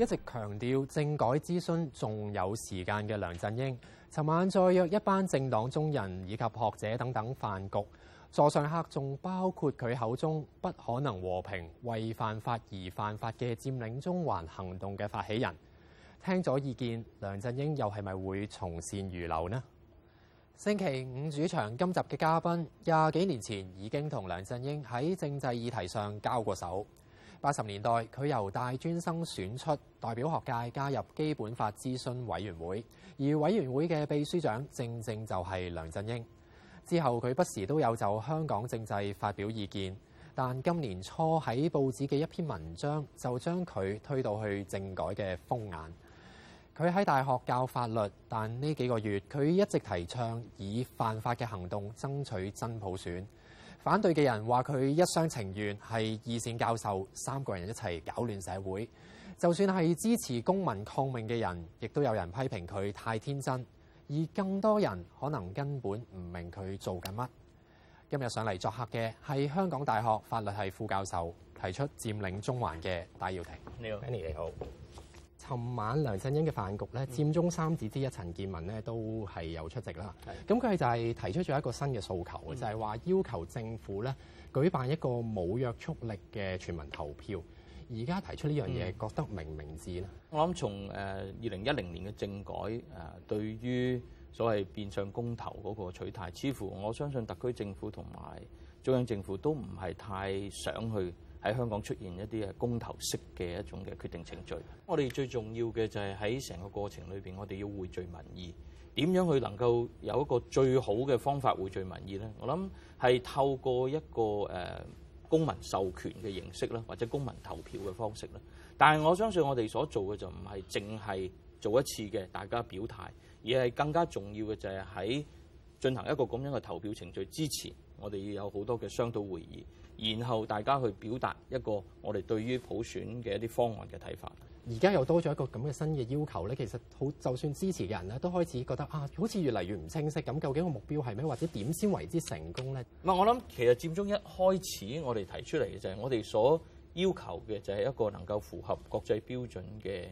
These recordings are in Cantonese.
一直強調政改諮詢仲有時間嘅梁振英，尋晚再約一班政黨中人以及學者等等飯局，座上客仲包括佢口中不可能和平、為犯法而犯法嘅佔領中環行動嘅發起人。聽咗意見，梁振英又係咪會從善如流呢？星期五主場今集嘅嘉賓，廿幾年前已經同梁振英喺政制議題上交過手。八十年代，佢由大專生選出，代表學界加入基本法諮詢委員會，而委員會嘅秘書長正正就係梁振英。之後，佢不時都有就香港政制發表意見，但今年初喺報紙嘅一篇文章，就將佢推到去政改嘅風眼。佢喺大學教法律，但呢幾個月佢一直提倡以犯法嘅行動爭取真普選。反對嘅人話佢一廂情願，係二線教授，三個人一齊搞亂社會。就算係支持公民抗命嘅人，亦都有人批評佢太天真，而更多人可能根本唔明佢做緊乜。今日上嚟作客嘅係香港大學法律系副教授，提出佔領中環嘅戴耀廷。你好，Annie 你好。琴晚梁振英嘅飯局咧，佔中三子之一陳健民咧都係有出席啦。咁佢就係提出咗一個新嘅訴求，就係、是、話要求政府咧舉辦一個冇約束力嘅全民投票。而家提出呢樣嘢，覺得明唔明智咧？我諗從誒，二零一零年嘅政改誒，對於所謂變相公投嗰個取態，似乎我相信特區政府同埋中央政府都唔係太想去喺香港出現一啲嘅公投式嘅一種嘅決定程序，我哋最重要嘅就係喺成個過程裏邊，我哋要匯聚民意，點樣去能夠有一個最好嘅方法匯聚民意咧？我諗，係透過一個誒公民授權嘅形式啦，或者公民投票嘅方式啦。但係我相信我哋所做嘅就唔係淨係做一次嘅大家表態，而係更加重要嘅就係喺進行一個咁樣嘅投票程序之前，我哋要有好多嘅商討會議。然後大家去表達一個我哋對於普選嘅一啲方案嘅睇法。而家又多咗一個咁嘅新嘅要求呢，其實好就算支持嘅人咧都開始覺得啊，好似越嚟越唔清晰咁。究竟個目標係咩？或者點先為之成功呢？唔係，我諗，其實佔中一開始我哋提出嚟嘅就係我哋所要求嘅就係一個能夠符合國際標準嘅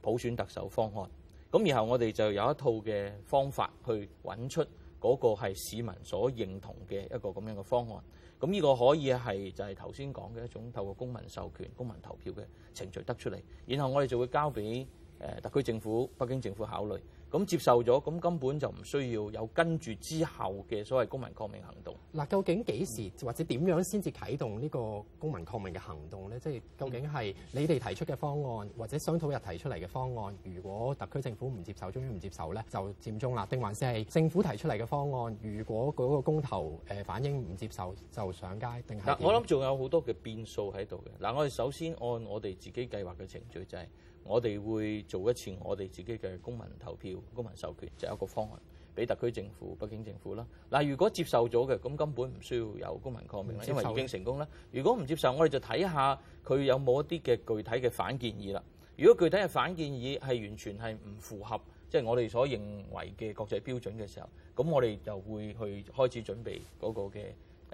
普選特首方案。咁然後我哋就有一套嘅方法去揾出。嗰個係市民所認同嘅一個咁樣嘅方案，咁呢個可以係就係頭先講嘅一種透過公民授權、公民投票嘅程序得出嚟，然後我哋就會交俾，誒特區政府、北京政府考慮，咁接受咗，咁根本就唔需要有跟住之後嘅所謂公民抗命行動。嗱、嗯，究竟幾時或者點樣先至啟動呢個公民抗命嘅行動咧？即係究竟係你哋提出嘅方案，或者商討日提出嚟嘅方案，如果特區政府唔接受，終於唔接受咧，就佔中啦？定還是係政府提出嚟嘅方案，如果嗰個公投誒反應唔接受，就上街？定係？我諗仲有好多嘅變數喺度嘅。嗱，我哋首先按我哋自己計劃嘅程序就係、是。我哋會做一次我哋自己嘅公民投票、公民授權，就是、一個方案俾特區政府、北京政府啦。嗱，如果接受咗嘅，咁根本唔需要有公民抗命啦，因為已經成功啦。如果唔接受，我哋就睇下佢有冇一啲嘅具體嘅反建議啦。如果具體嘅反建議係完全係唔符合，即係我哋所認為嘅國際標準嘅時候，咁我哋就會去開始準備嗰個嘅。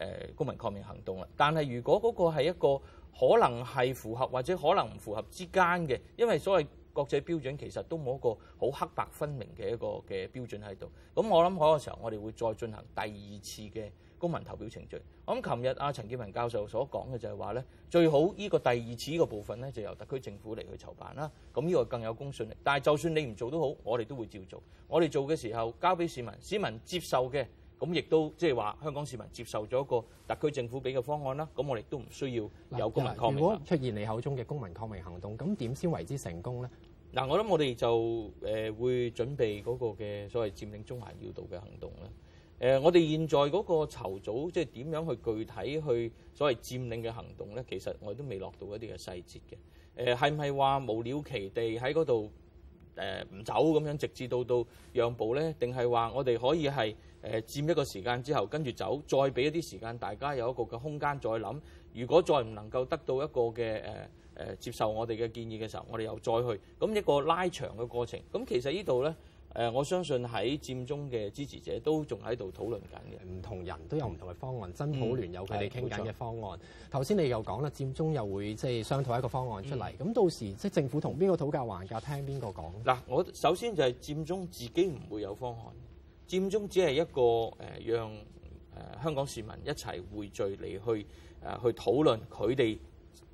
誒，公民抗命行動啦，但係如果嗰個係一個可能係符合或者可能唔符合之間嘅，因為所謂國際標準其實都冇一個好黑白分明嘅一個嘅標準喺度。咁我諗嗰個時候我哋會再進行第二次嘅公民投票程序。咁琴日阿陳建文教授所講嘅就係話呢最好呢個第二次呢個部分呢，就由特區政府嚟去籌辦啦。咁呢個更有公信力。但係就算你唔做都好，我哋都會照做。我哋做嘅時候交俾市民，市民接受嘅。咁亦都即係話，香港市民接受咗個特區政府俾嘅方案啦。咁我哋都唔需要有公民抗命。如果出現你口中嘅公民抗命行動，咁點先為之成功咧？嗱，我諗我哋就誒會準備嗰個嘅所謂佔領中環要道嘅行動咧。誒，我哋現在，嗰個籌組，即係點樣去具體去所謂佔領嘅行動咧？其實我哋都未落到一啲嘅細節嘅。誒，係唔係話無了期地喺嗰度誒唔走咁樣，直至到到讓步咧？定係話我哋可以係？誒佔一個時間之後跟住走，再俾一啲時間大家有一個嘅空間再諗。如果再唔能夠得到一個嘅誒誒接受我哋嘅建議嘅時候，我哋又再去，咁一個拉長嘅過程。咁其實呢度咧，誒我相信喺佔中嘅支持者都仲喺度討論緊嘅，唔同人都有唔同嘅方案。嗯、真普聯有佢哋傾緊嘅方案。頭、嗯、先你又講啦，佔中又會即係商討一個方案出嚟。咁、嗯、到時即、就是、政府同邊個討價還價，聽邊個講？嗱，我首先就係佔中自己唔會有方案。佔中只係一個誒，讓誒香港市民一齊匯聚嚟去誒去討論，佢哋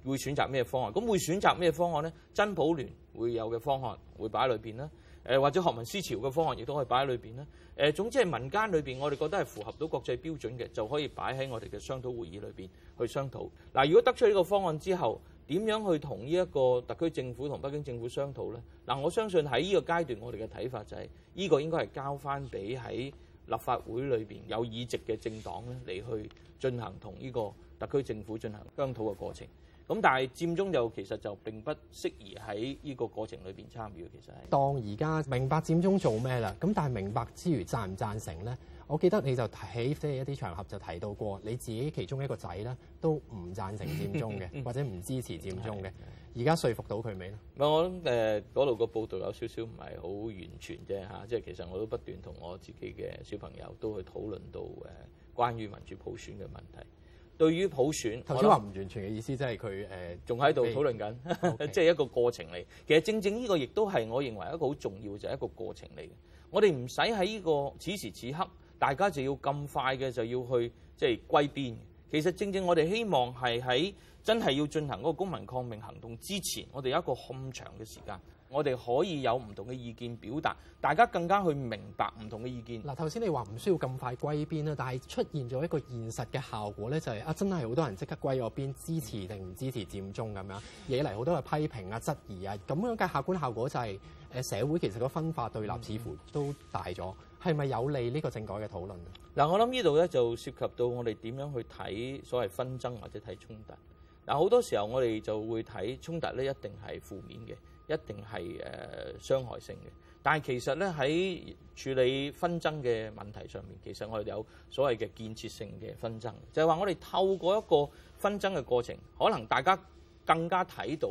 會選擇咩方案？咁會選擇咩方案呢？真普聯會有嘅方案會擺喺裏邊啦，誒或者學民思潮嘅方案亦都可以擺喺裏邊啦。誒總之係民間裏邊，我哋覺得係符合到國際標準嘅，就可以擺喺我哋嘅商討會議裏邊去商討。嗱，如果得出呢個方案之後，點樣去同呢一個特區政府同北京政府商討呢？嗱，我相信喺呢個階段，我哋嘅睇法就係呢個應該係交翻俾喺立法會裏邊有議席嘅政黨咧，嚟去進行同呢個特區政府進行商討嘅過程。咁但係佔中就其實就並不適宜喺呢個過程裏邊參與。其實係當而家明白佔中做咩啦，咁但係明白之餘，贊唔贊成呢？我記得你就喺即係一啲場合就提到過，你自己其中一個仔咧都唔贊成佔中嘅，或者唔支持佔中嘅。而 家說服到佢未咧？唔係，我諗誒嗰度個報道有少少唔係好完全啫嚇、啊，即係其實我都不斷同我自己嘅小朋友都去討論到誒、呃、關於民主普選嘅問題。對於普選，頭先話唔完全嘅意思，即係佢誒仲喺度討論緊，okay. 即係一個過程嚟。其實正正呢個亦都係我認為一個好重要嘅，就係一個過程嚟嘅。我哋唔使喺呢個此時此刻。大家就要咁快嘅就要去即係、就是、歸邊？其實正正我哋希望係喺真係要進行嗰個公民抗命行動之前，我哋有一個咁長嘅時間。我哋可以有唔同嘅意見表達，大家更加去明白唔同嘅意見。嗱、嗯，頭先你話唔需要咁快歸邊啊，但係出現咗一個現實嘅效果咧、就是，就係啊，真係好多人即刻歸嗰邊支持定唔支持佔中咁樣，惹嚟好多嘅批評啊、質疑啊。咁樣嘅客觀效果就係、是、誒、啊、社會其實個分化對立似乎都大咗，係、嗯、咪有利呢個政改嘅討論？嗱、嗯，我諗呢度咧就涉及到我哋點樣去睇所謂紛爭或者睇衝突。嗱、嗯，好多時候我哋就會睇衝突咧，一定係負面嘅。一定係誒傷害性嘅，但係其實呢，喺處理紛爭嘅問題上面，其實我哋有所謂嘅建設性嘅紛爭，就係話我哋透過一個紛爭嘅過程，可能大家更加睇到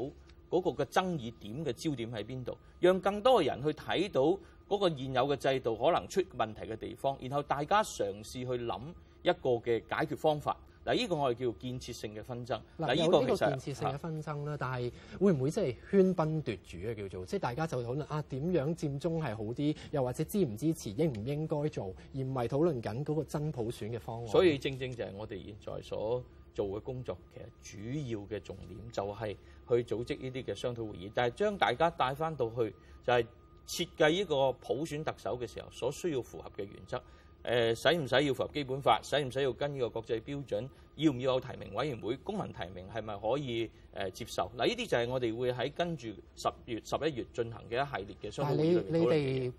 嗰個嘅爭議點嘅焦點喺邊度，讓更多嘅人去睇到嗰個現有嘅制度可能出問題嘅地方，然後大家嘗試去諗一個嘅解決方法。嗱，呢個我哋叫建設性嘅紛爭。嗱，叫呢個建設性嘅紛爭啦，但係會唔會即係喧賓奪主啊？叫做即係大家就討論啊，點樣佔中係好啲，又或者支唔支持，應唔應該做，而唔係討論緊嗰個真普選嘅方案。所以正正就係我哋現在所做嘅工作，其實主要嘅重點就係去組織呢啲嘅商討會議，但係將大家帶翻到去，就係設計呢個普選特首嘅時候所需要符合嘅原則。誒使唔使要符合基本法，使唔使要跟呢個國際標準？要唔要有提名委員會？公民提名係咪可以誒接受？嗱，呢啲就係我哋會喺跟住十月十一月進行嘅一系列嘅商討。但係你你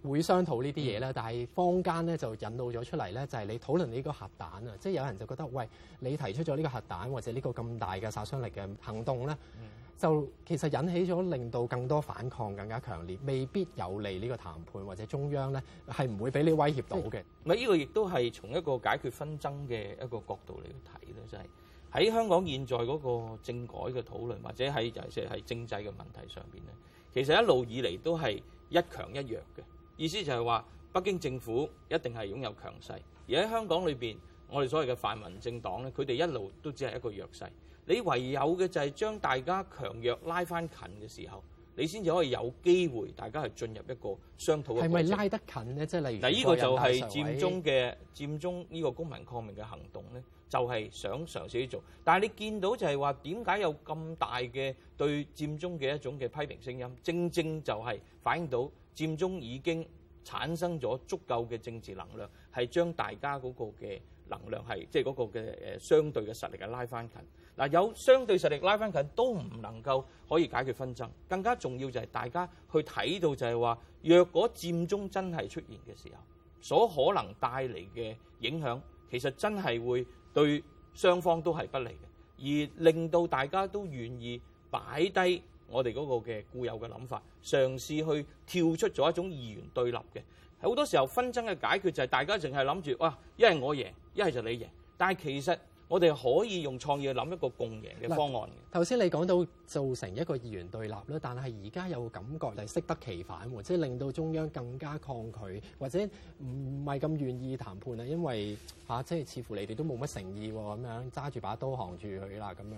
哋會商討呢啲嘢咧，但係坊間咧就引導咗出嚟咧，就係你討論呢個核彈啊，即係有人就覺得喂，你提出咗呢個核彈或者呢個咁大嘅殺傷力嘅行動咧。嗯就其實引起咗，令到更多反抗更加強烈，未必有利呢個談判，或者中央呢係唔會俾你威脅到嘅。呢、呢個亦都係從一個解決紛爭嘅一個角度嚟去睇咧，就係、係、喺香港現在嗰個政改嘅討論或者係尤其係政制嘅問題上面呢，其實一路以嚟都係一強一弱嘅意思就係話，北京政府一定係擁有強勢，而喺香港裏面，我哋所謂嘅泛民政黨呢，佢哋一路都只係一個弱勢。你唯有嘅就係將大家強弱拉翻近嘅時候，你先至可以有機會大家係進入一個商討嘅。係咪拉得近咧？即係例如嗱，呢個就係佔中嘅佔中呢個公民抗命嘅行動咧，就係想嘗試做。但係你見到就係話點解有咁大嘅對佔中嘅一種嘅批評聲音，正正就係反映到佔中已經產生咗足夠嘅政治能量，係將大家嗰個嘅能量係即係嗰個嘅誒相對嘅實力係拉翻近。嗱，有相對實力拉返近都唔能夠可以解決紛爭，更加重要就係大家去睇到就係話，若果佔中真係出現嘅時候，所可能帶嚟嘅影響，其實真係會對雙方都係不利嘅，而令到大家都願意擺低我哋嗰個嘅固有嘅諗法，嘗試去跳出咗一種二元對立嘅，好多時候紛爭嘅解決就係大家淨係諗住哇，一係我贏，一係就你贏，但係其實。我哋可以用創意去諗一個共贏嘅方案。頭先你講到造成一個議員對立啦，但係而家有感覺係適得其反，即係令到中央更加抗拒，或者唔係咁願意談判啊，因為、啊、即係似乎你哋都冇乜誠意喎，咁樣揸住把刀行住佢啦，咁樣。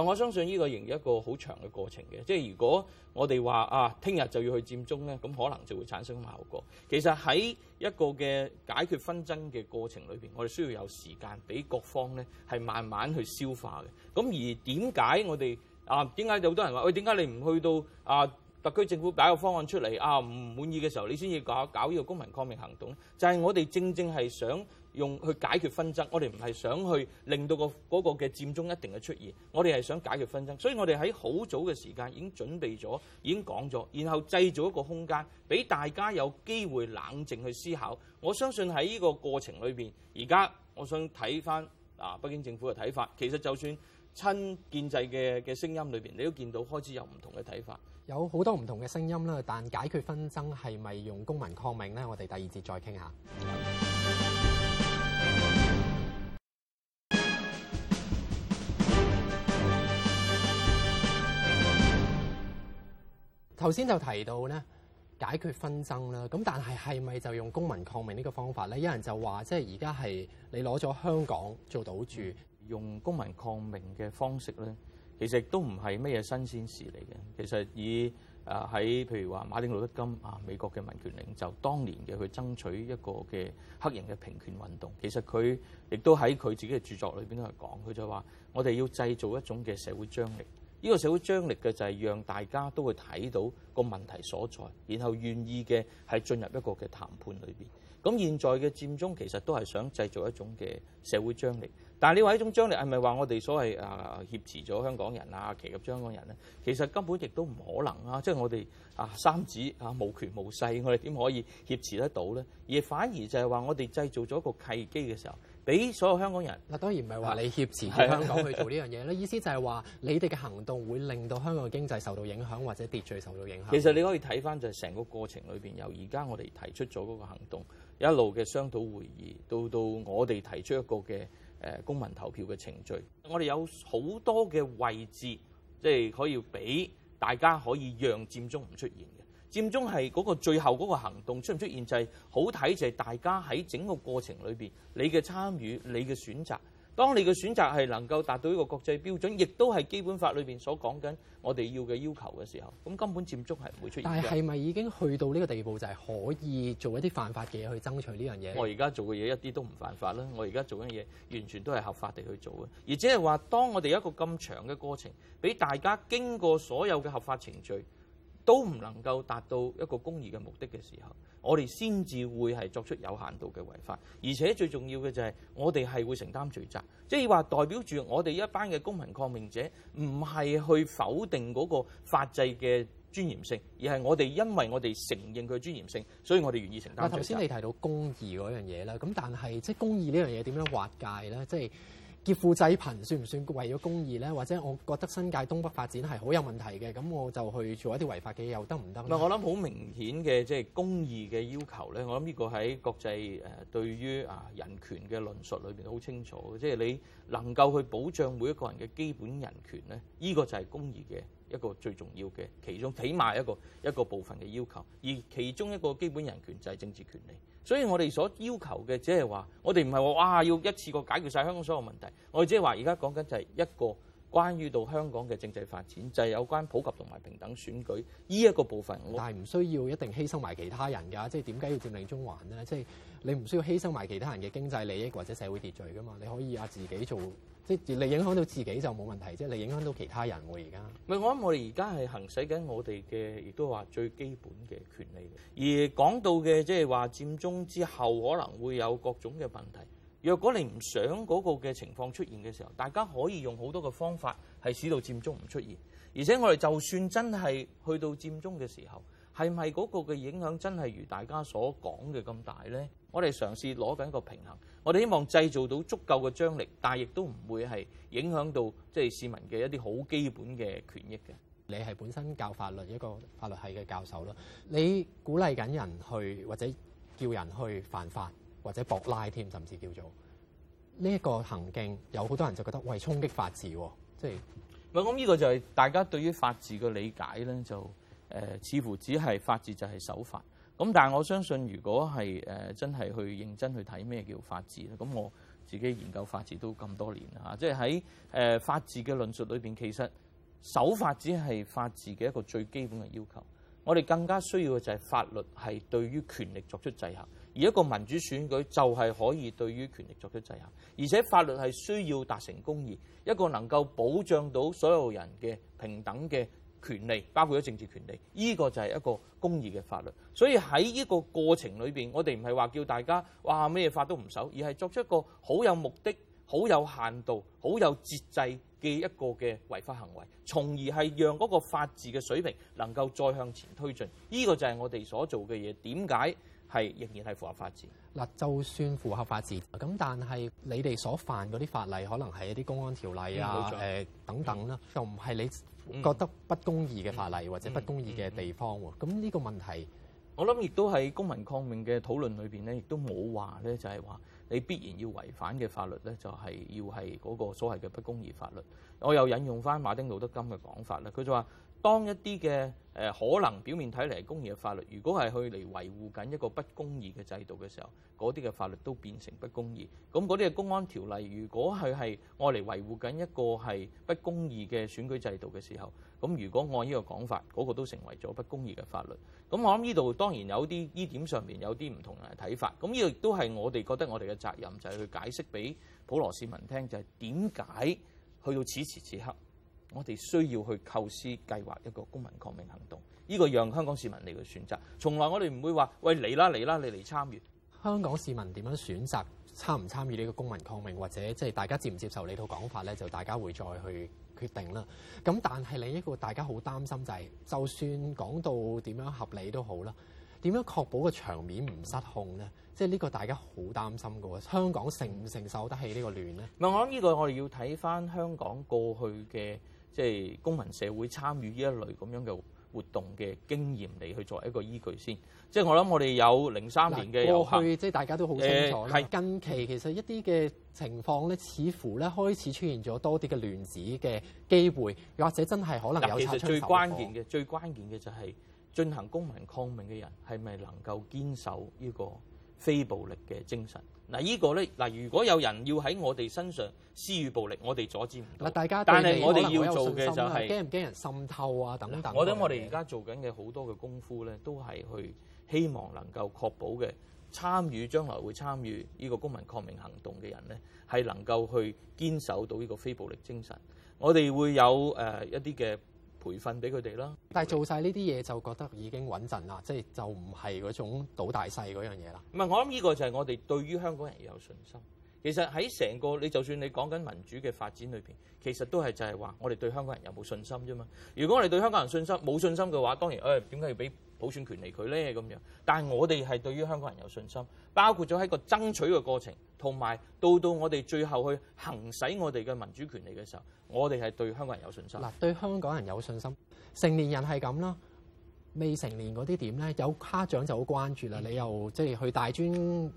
我相信呢個仍然一個好長嘅過程嘅，即係如果我哋話啊，聽日就要去佔中呢，咁可能就會產生效果。其實喺一個嘅解決紛爭嘅過程裏面，我哋需要有時間俾各方呢係慢慢去消化嘅。咁而點解我哋啊，點解有好多人話喂，點、哎、解你唔去到啊，特區政府打個方案出嚟啊，唔滿意嘅時候，你先要搞搞呢個公民抗命行動呢就係、是、我哋正正係想。用去解決紛爭，我哋唔係想去令到個嗰個嘅佔中一定嘅出現，我哋係想解決紛爭，所以我哋喺好早嘅時間已經準備咗，已經講咗，然後製造一個空間俾大家有機會冷靜去思考。我相信喺呢個過程裏邊，而家我想睇翻啊北京政府嘅睇法，其實就算親建制嘅嘅聲音裏邊，你都見到開始有唔同嘅睇法，有好多唔同嘅聲音啦。但解決紛爭係咪用公民抗命咧？我哋第二節再傾下。頭先就提到咧解決紛爭啦，咁但係係咪就用公民抗命呢個方法咧？有人就話即係而家係你攞咗香港做賭注，嗯、用公民抗命嘅方式咧，其實都唔係乜嘢新鮮事嚟嘅。其實以啊喺譬如話馬丁路德金啊，美國嘅民權領袖當年嘅去爭取一個嘅黑人嘅平權運動，其實佢亦都喺佢自己嘅著作裏邊都係講，佢就話我哋要製造一種嘅社會張力。呢個社會張力嘅就係讓大家都會睇到個問題所在，然後願意嘅係進入一個嘅談判裏邊。咁現在嘅佔中其實都係想製造一種嘅社會張力，但係你話一種張力係咪話我哋所謂啊挾持咗香港人啊歧視咗香港人咧？其實根本亦都唔可能啊！即係我哋啊三子啊無權無勢，我哋點可以挾持得到咧？而反而就係話我哋製造咗一個契機嘅時候。俾所有香港人，嗱當然唔係話你挾持香港去做呢樣嘢咧。是 意思就係話你哋嘅行動會令到香港嘅經濟受到影響，或者秩序受到影響。其實你可以睇翻就係成個過程裏邊，由而家我哋提出咗個行動一路嘅商討會議，到到我哋提出一個嘅誒公民投票嘅程序。我哋有好多嘅位置，即係可以俾大家可以讓佔中唔出現嘅。佔中係嗰個最後嗰個行動出唔出現就係好睇，就係大家喺整個過程裏邊，你嘅參與、你嘅選擇。當你嘅選擇係能夠達到一個國際標準，亦都係基本法裏邊所講緊我哋要嘅要求嘅時候，咁根本佔中係唔會出現的。但係係咪已經去到呢個地步，就係可以做一啲犯法嘅嘢去爭取呢樣嘢？我而家做嘅嘢一啲都唔犯法啦，我而家做緊嘢完全都係合法地去做嘅，而只係話，當我哋一個咁長嘅過程，俾大家經過所有嘅合法程序，都唔能夠達到一個公義嘅目的嘅時候，我哋先至會係作出有限度嘅違法，而且最重要嘅就係我哋係會承擔罪責，即係話代表住我哋一班嘅公民抗命者唔係去否定嗰個法制嘅尊嚴性，而係我哋因為我哋承認佢尊嚴性，所以我哋願意承擔罪責。頭先你提到公義嗰樣嘢啦，咁但係即係公義呢樣嘢點樣劃界呢？即係。劫富濟貧算唔算為咗公義咧？或者我覺得新界東北發展係好有問題嘅，咁我就去做一啲違法嘅嘢又得唔得？我諗好明顯嘅，即係公義嘅要求咧。我諗呢個喺國際誒對於啊人權嘅論述裏邊都好清楚即係你。能夠去保障每一個人嘅基本人權呢，呢個就係公義嘅一個最重要嘅其中，起碼係一個一個部分嘅要求。而其中一個基本人權就係政治權利。所以我哋所要求嘅，即係話我哋唔係話哇要一次過解決晒香港所有問題。我哋即係話而家講緊就係一個關於到香港嘅政制發展，就係有關普及同埋平等選舉呢一個部分。但係唔需要一定犧牲埋其他人㗎，即係點解要佔領中環呢？即係。你唔需要犧牲埋其他人嘅經濟利益或者社會秩序噶嘛？你可以啊，自己做，即係你影響到自己就冇問題，即係你影響到其他人喎。而家，我諗我哋而家係行使緊我哋嘅，亦都話最基本嘅權利。而講到嘅即係話佔中之後可能會有各種嘅問題。若果你唔想嗰個嘅情況出現嘅時候，大家可以用好多嘅方法係使到佔中唔出現。而且我哋就算真係去到佔中嘅時候，係咪嗰個嘅影響真係如大家所講嘅咁大咧？我哋嘗試攞緊個平衡，我哋希望製造到足夠嘅張力，但係亦都唔會係影響到即係市民嘅一啲好基本嘅權益嘅。你係本身教法律一個法律系嘅教授啦，你鼓勵緊人去或者叫人去犯法或者博拉添，甚至叫做呢一個行徑，有好多人就覺得喂，衝擊法治喎，即係喂，係？咁呢個就係大家對於法治嘅理解咧，就誒、呃、似乎只係法治就係守法。咁但係我相信，如果係真係去認真去睇咩叫法治咧，咁我自己研究法治都咁多年啦，即係喺法治嘅論述裏面，其實守法只係法治嘅一個最基本嘅要求。我哋更加需要嘅就係法律係對於權力作出制衡，而一個民主選舉就係可以對於權力作出制衡，而且法律係需要達成公義，一個能夠保障到所有人嘅平等嘅權利包括咗政治權利，呢個就係一個公義嘅法律。所以喺呢個過程裏邊，我哋唔係話叫大家哇咩法都唔守，而係作出一個好有目的、好有限度、好有節制嘅一個嘅違法行為，從而係讓嗰個法治嘅水平能夠再向前推進。呢個就係我哋所做嘅嘢，點解係仍然係符合法治？嗱，就算符合法治，咁但係你哋所犯嗰啲法例，可能係一啲公安條例啊、誒、嗯、等等啦、嗯，又唔係你覺得不公義嘅法例、嗯、或者不公義嘅地方喎，咁、嗯、呢個問題，我諗亦都喺公民抗命嘅討論裏邊咧，亦都冇話咧，就係話你必然要違反嘅法律咧，就係要係嗰個所謂嘅不公義法律。我又引用翻馬丁路德金嘅講法喇，佢就話：當一啲嘅誒可能表面睇嚟係公義嘅法律，如果係去嚟維護緊一個不公義嘅制度嘅時候，嗰啲嘅法律都變成不公義。咁嗰啲嘅公安條例，如果佢係用嚟維護緊一個係不公義嘅選舉制度嘅時候，咁如果按呢個講法，嗰、那個都成為咗不公義嘅法律。咁我諗呢度當然有啲呢點上面有啲唔同嘅睇法。咁呢度亦都係我哋覺得我哋嘅責任就係、是、去解釋俾普羅市民聽，就係點解去到此時此刻。我哋需要去構思計劃一個公民抗命行動，呢、這個讓香港市民嚟嘅選擇，從來我哋唔會話，喂，嚟啦嚟啦，你嚟參與。香港市民點樣選擇參唔參與呢個公民抗命，或者即係大家接唔接受你套講法咧，就大家會再去決定啦。咁但係另一個大家好擔心就係、是、就算講到點樣合理都好啦，點樣確保個場面唔失控咧？即係呢個大家好擔心嘅喎。香港承唔承受得起呢個亂咧？唔係，我諗呢個我哋要睇翻香港過去嘅。即係公民社會參與呢一類咁樣嘅活動嘅經驗嚟去作為一個依據先。即係我諗我哋有零三年嘅遊行，即係大家都好清楚、呃。近期其實一啲嘅情況咧，似乎咧開始出現咗多啲嘅亂子嘅機會，又或者真係可能有差。其實最關鍵嘅，最關鍵嘅就係進行公民抗命嘅人係咪能夠堅守呢個非暴力嘅精神？嗱，這個，呢個咧，嗱，如果有人要喺我哋身上施予暴力，我哋阻止唔到。嗱，大家對，但係我哋要做嘅就係。驚唔驚人滲透啊？等等。我覺得我哋而家做緊嘅好多嘅功夫咧，都係去希望能夠確保嘅參與將來會參與呢個公民抗命行動嘅人咧，係能夠去堅守到呢個非暴力精神。我哋會有誒一啲嘅。培訓俾佢哋啦，但係做晒呢啲嘢就覺得已經穩陣啦，即係就唔係嗰種賭大細嗰樣嘢啦。唔係，我諗呢個就係我哋對於香港人有信心。其實喺成個你就算你講緊民主嘅發展裏面，其實都係就係話我哋對香港人有冇信心啫嘛。如果我哋對香港人信心冇信心嘅話，當然誒點解要俾？普選權利佢呢咁樣，但係我哋係對於香港人有信心，包括咗喺個爭取嘅過程，同埋到到我哋最後去行使我哋嘅民主權利嘅時候，我哋係對香港人有信心。嗱，對香港人有信心，成年人係咁啦。未成年嗰啲點咧？有家長就好關注啦、嗯。你又即係去大專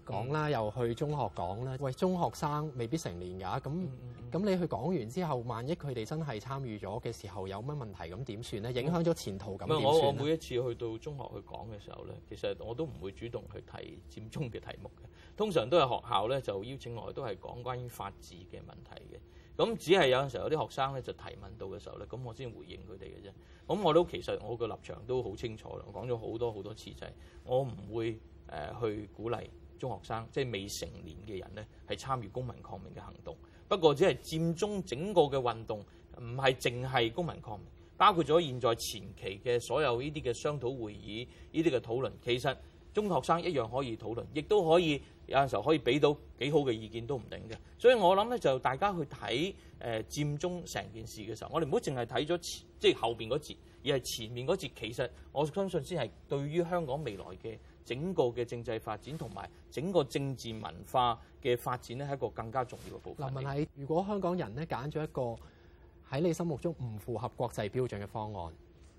講啦、嗯，又去中學講啦。喂，中學生未必成年㗎，咁咁、嗯嗯、你去講完之後，萬一佢哋真係參與咗嘅時候有乜問題，咁點算咧？影響咗前途，咁點算咧？我我每一次去到中學去講嘅時候咧，其實我都唔會主動去提佔中嘅題目嘅。通常都係學校咧就邀請我，都係講關於法治嘅問題嘅。咁只係有陣時候有啲學生咧就提問到嘅時候咧，咁我先回應佢哋嘅啫。咁我都其實我個立場都好清楚啦，我講咗好多好多次，就係我唔會誒去鼓勵中學生，即係未成年嘅人咧係參與公民抗命嘅行動。不過只係佔中整個嘅運動唔係淨係公民抗命，包括咗現在前期嘅所有呢啲嘅商討會議呢啲嘅討論，其實。中學生一樣可以討論，亦都可以有陣時候可以俾到幾好嘅意見都唔定嘅。所以我諗咧就大家去睇誒、呃、佔中成件事嘅時候，我哋唔好淨係睇咗前即係後邊嗰節，而係前面嗰節。其實我相信先係對於香港未來嘅整個嘅政制發展同埋整個政治文化嘅發展咧，係一個更加重要嘅部分。林文係，如果香港人咧揀咗一個喺你心目中唔符合國際標準嘅方案，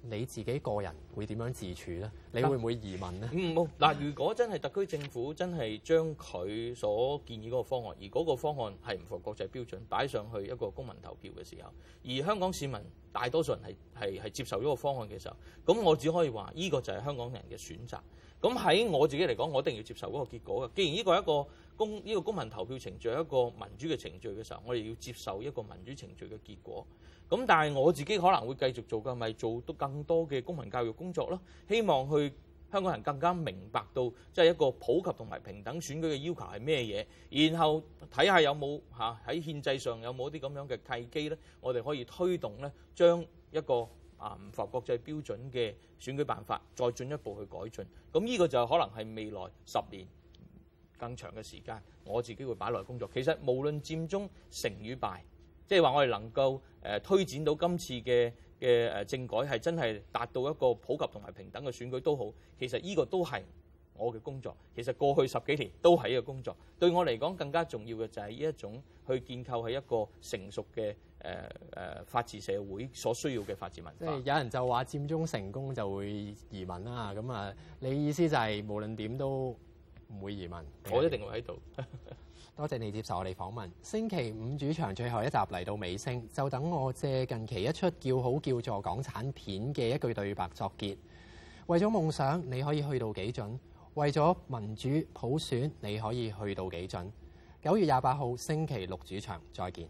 你自己個人會點樣自處呢？你會唔會移民呢？好嗱，如果真係特區政府真係將佢所建議嗰個方案，而嗰個方案係唔符合國際標準，擺上去一個公民投票嘅時候，而香港市民大多數人係係係接受呢個方案嘅時候，咁我只可以話，呢個就係香港人嘅選擇。咁喺我自己嚟講，我一定要接受嗰個結果嘅。既然呢個係一個公，呢個公民投票程序係一個民主嘅程序嘅時候，我哋要接受一個民主程序嘅結果。咁但係我自己可能會繼續做嘅，咪做更多嘅公民教育工作咯。希望去香港人更加明白到，即係一個普及同埋平等選舉嘅要求係咩嘢，然後睇下有冇嚇喺憲制上有冇啲咁樣嘅契機呢？我哋可以推動呢，將一個啊，唔符合國際標準嘅選舉辦法再進一步去改進。咁呢個就可能係未來十年。更長嘅時間，我自己會擺落嚟工作。其實無論佔中成與敗，即係話我哋能夠誒、呃、推展到今次嘅嘅、呃、政改係真係達到一個普及同埋平等嘅選舉都好。其實呢個都係我嘅工作。其實過去十幾年都係一個工作。對我嚟講更加重要嘅就係呢一種去建構係一個成熟嘅誒誒法治社會所需要嘅法治文化。即係有人就話佔中成功就會移民啦，咁啊，你意思就係無論點都？唔會移民，我一定會喺度。多謝你接受我哋訪問。星期五主場最後一集嚟到尾聲，就等我借近期一出叫好叫座「港產片」嘅一句對白作結。為咗夢想，你可以去到幾準？為咗民主普選，你可以去到幾準？九月廿八號星期六主場，再見。